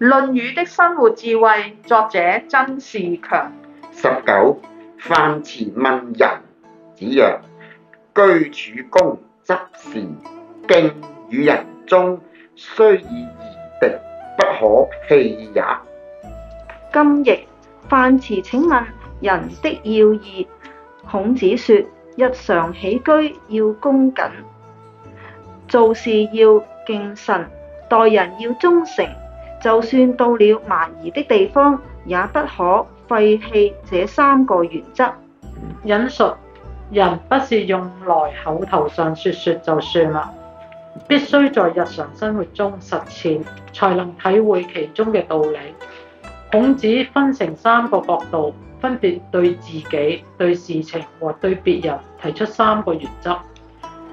《論語》的生活智慧，作者曾仕強。十九，樊遲問仁，子曰：居處恭，執事敬，與人忠，雖之夷狄，不可棄也。今亦樊遲請問仁的要義，孔子說：日常起居要恭謹，做事要敬慎，待人要忠誠。就算到了蠻夷的地方，也不可廢棄這三個原則。引述：人不是用來口頭上說說就算啦，必須在日常生活中實踐才能體會其中嘅道理。孔子分成三個角度，分別對自己、對事情和對別人提出三個原則，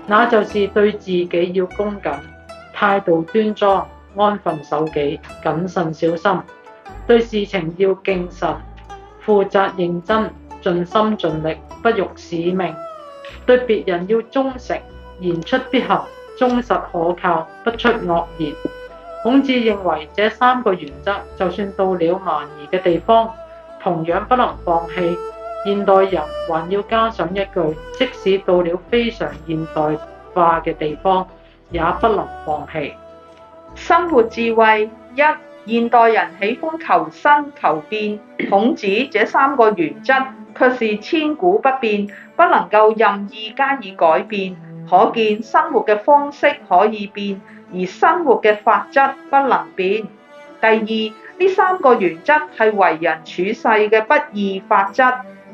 那就是對自己要恭謹，態度端莊。安分守己、謹慎小心，對事情要敬慎、負責認真、盡心盡力，不辱使命；對別人要忠誠，言出必行，忠實可靠，不出惡言。孔子認為這三個原則，就算到了蠻夷嘅地方，同樣不能放棄。現代人還要加上一句，即使到了非常現代化嘅地方，也不能放棄。生活智慧一，現代人喜歡求新求變，孔子這三個原則卻是千古不變，不能夠任意加以改變，可見生活嘅方式可以變，而生活嘅法則不能變。第二，呢三個原則係為人處世嘅不易法則，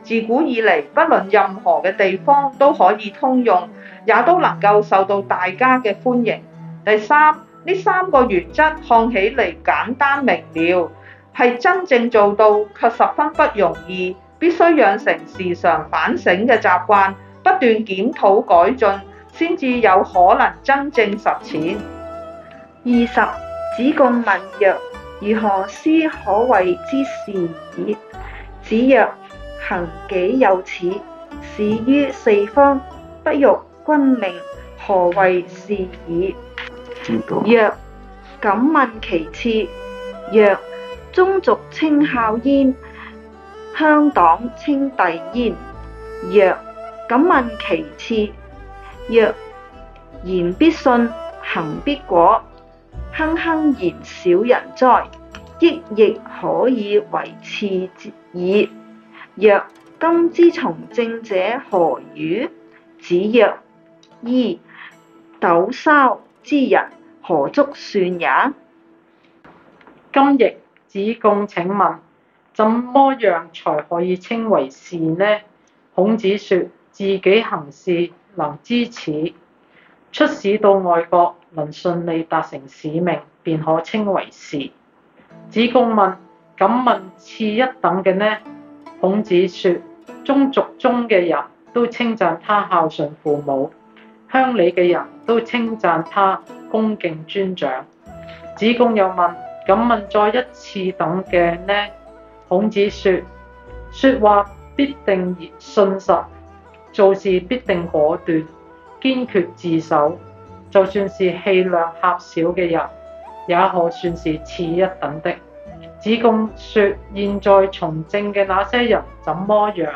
自古以嚟，不論任何嘅地方都可以通用，也都能夠受到大家嘅歡迎。第三。呢三個原則看起嚟簡單明瞭，係真正做到卻十分不容易，必須養成時常反省嘅習慣，不斷檢討改進，先至有可能真正實踐。二十，子貢問曰：如何思可謂之士矣？子曰：行己有恥，使於四方，不辱君命，何謂士矣？曰：敢問其次。曰：宗族稱孝焉，鄉黨稱弟焉。曰：敢問其次。曰：言必信，行必果，硜硜然小人哉！抑亦可以為次矣。曰：今之從政者何如？子曰：噫！斗筲之人何足算也？今日子貢請問，怎麼樣才可以稱為士呢？孔子說，自己行事能知恥，出使到外國能順利達成使命，便可稱為士。子貢問，敢問次一等嘅呢？孔子說，宗族中嘅人都稱讚他孝順父母。鄉里嘅人都稱讚他恭敬尊長。子貢又問：敢問再一次等嘅呢？孔子說：說話必定信實，做事必定果斷，堅決自首。就算是氣量狹小嘅人，也可算是次一等的。子貢說：現在從政嘅那些人怎麼樣？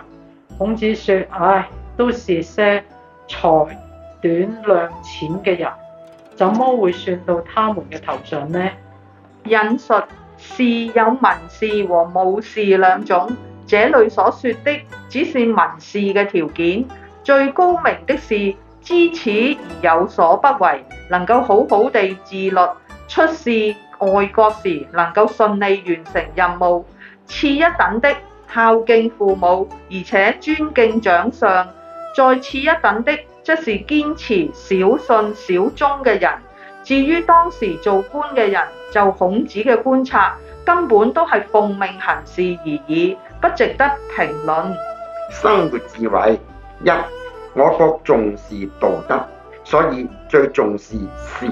孔子說：唉，都是些才。短量錢嘅人，怎麼會算到他們嘅頭上呢？引述是有文事和武事兩種，這裏所說的只是文事嘅條件。最高明的是知恥而有所不為，能夠好好地自律。出事外國時，能夠順利完成任務。次一等的孝敬父母，而且尊敬長上。再次一等的。即是堅持小信小忠嘅人。至於當時做官嘅人，就孔子嘅觀察，根本都係奉命行事而已，不值得評論。生活智慧一，我國重視道德，所以最重視事，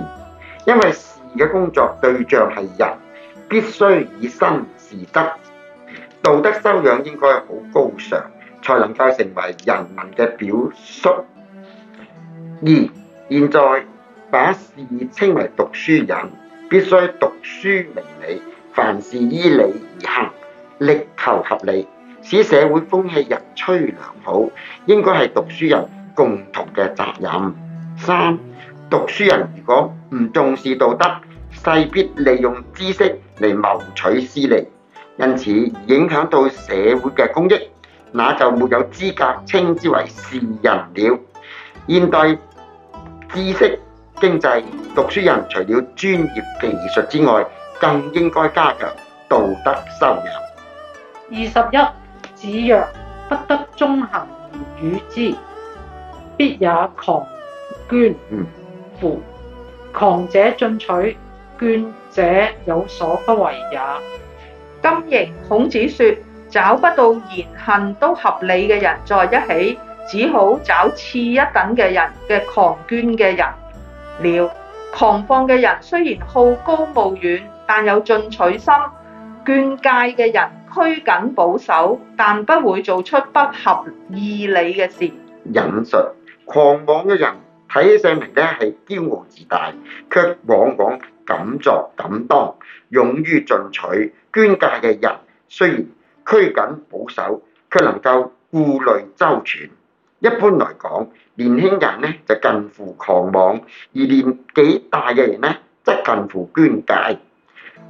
因為事嘅工作對象係人，必須以身示德，道德修養應該好高尚，才能夠成為人民嘅表率。二、現在把士稱為讀書人，必須讀書明理，凡事依理而行，力求合理，使社會風氣日趨良好，應該係讀書人共同嘅責任。三、讀書人如果唔重視道德，勢必利用知識嚟謀取私利，因此影響到社會嘅公益，那就沒有資格稱之為士人了。現代知識經濟，讀書人除了專業技術之外，更應該加強道德修養。二十一，子曰：不得中行而與之，必也狂狷乎？狂者進取，狷者有所不為也。今譯，孔子說：找不到言行都合理嘅人在一起。只好找次一等嘅人嘅狂狷嘅人了。狂放嘅人雖然好高騖遠，但有進取心；狷介嘅人拘謹保守，但不會做出不合義理嘅事。隱術狂妄嘅人睇起上嚟咧係驕傲自大，卻往往敢作敢當，勇於進取。狷介嘅人雖然拘謹保守，卻能夠顧慮周全。一般來講，年輕人呢就近乎狂妄，而年紀大嘅人呢則近乎狷介。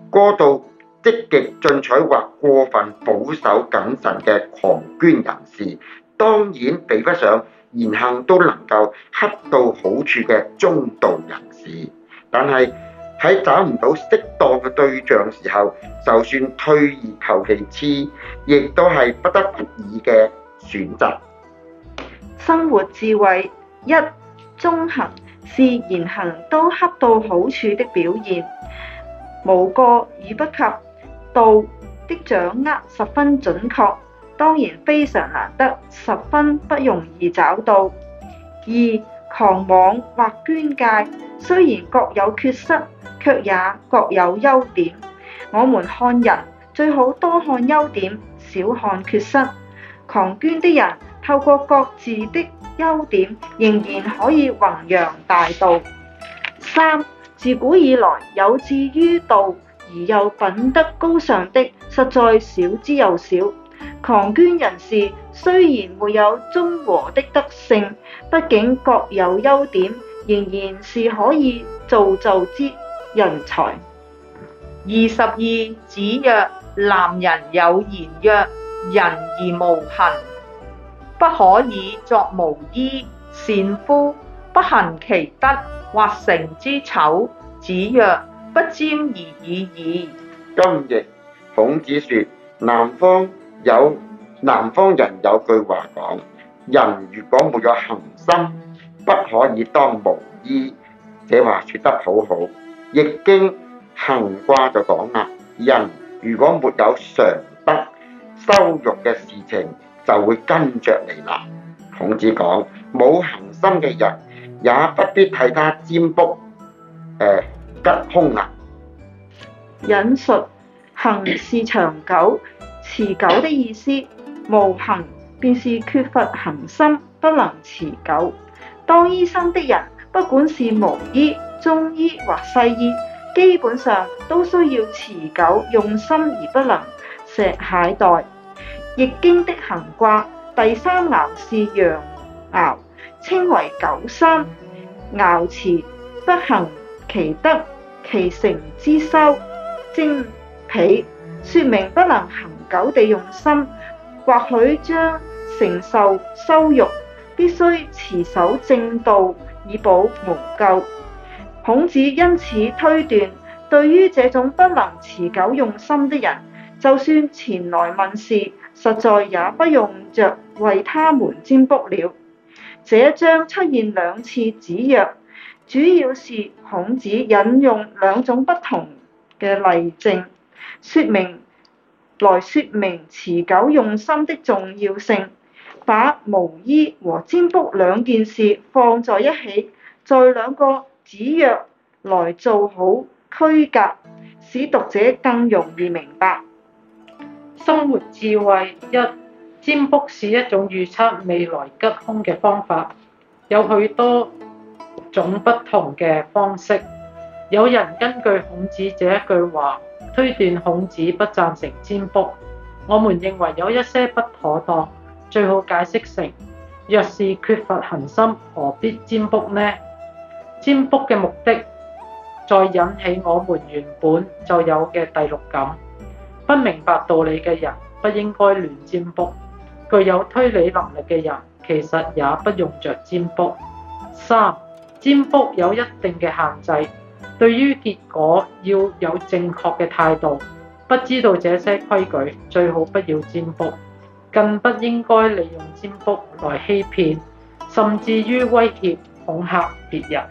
過度積極進取或過分保守謹慎嘅狂狷人士，當然比不上言行都能夠恰到好處嘅中道人士。但係喺找唔到適當嘅對象時候，就算退而求其次，亦都係不得不已嘅選擇。生活智慧一，中行，是言行都恰到好處的表現，無過與不及道的掌握十分準確，當然非常難得，十分不容易找到。二狂妄或狷介，雖然各有缺失，卻也各有優點，我們看人最好多看優點，少看缺失。狂狷的人，透過各自的優點，仍然可以弘揚大道。三自古以來有志於道而又品德高尚的，實在少之又少。狂狷人士雖然沒有中和的德性，畢竟各有優點，仍然是可以造就之人才。二十二子曰：南人有言曰：人而無恆，不可以作巫醫，善夫不行其德，或成之醜。子曰：不沾而已矣。今日孔子說，南方有南方人有句話講：人如果沒有恒心，不可以當巫醫。這話說得好好。易經恒卦就講啊，人如果沒有常德，羞辱嘅事情。就會跟着你啦。孔子講：冇恒心嘅人，也不必替他占卜、呃，吉凶啊。引述恆是長久、持久的意思，無恒便是缺乏恒心，不能持久。當醫生的人，不管是巫醫、中醫或西醫，基本上都需要持久用心，而不能稍懈怠。易經的行卦第三爻是陽爻，稱為九三，爻辭不行其德，其成之修，精脾，說明不能行久地用心，或許將承受羞辱，必須持守正道以保無咎。孔子因此推斷，對於這種不能持久用心的人。就算前來問事，實在也不用着為他們占卜了。這章出現兩次子曰，主要是孔子引用兩種不同嘅例證，説明來説明持久用心的重要性，把巫醫和占卜兩件事放在一起，在兩個子曰來做好區隔，使讀者更容易明白。生活智慧一占卜是一種預測未來吉凶嘅方法，有許多種不同嘅方式。有人根據孔子這一句話推斷孔子不贊成占卜，我們認為有一些不妥當，最好解釋成：若是缺乏恆心，何必占卜呢？占卜嘅目的，在引起我們原本就有嘅第六感。不明白道理嘅人，不應該亂占卜；具有推理能力嘅人，其實也不用着占卜。三，占卜有一定嘅限制，對於結果要有正確嘅態度。不知道這些規矩，最好不要占卜，更不應該利用占卜來欺騙，甚至於威脅恐嚇別人。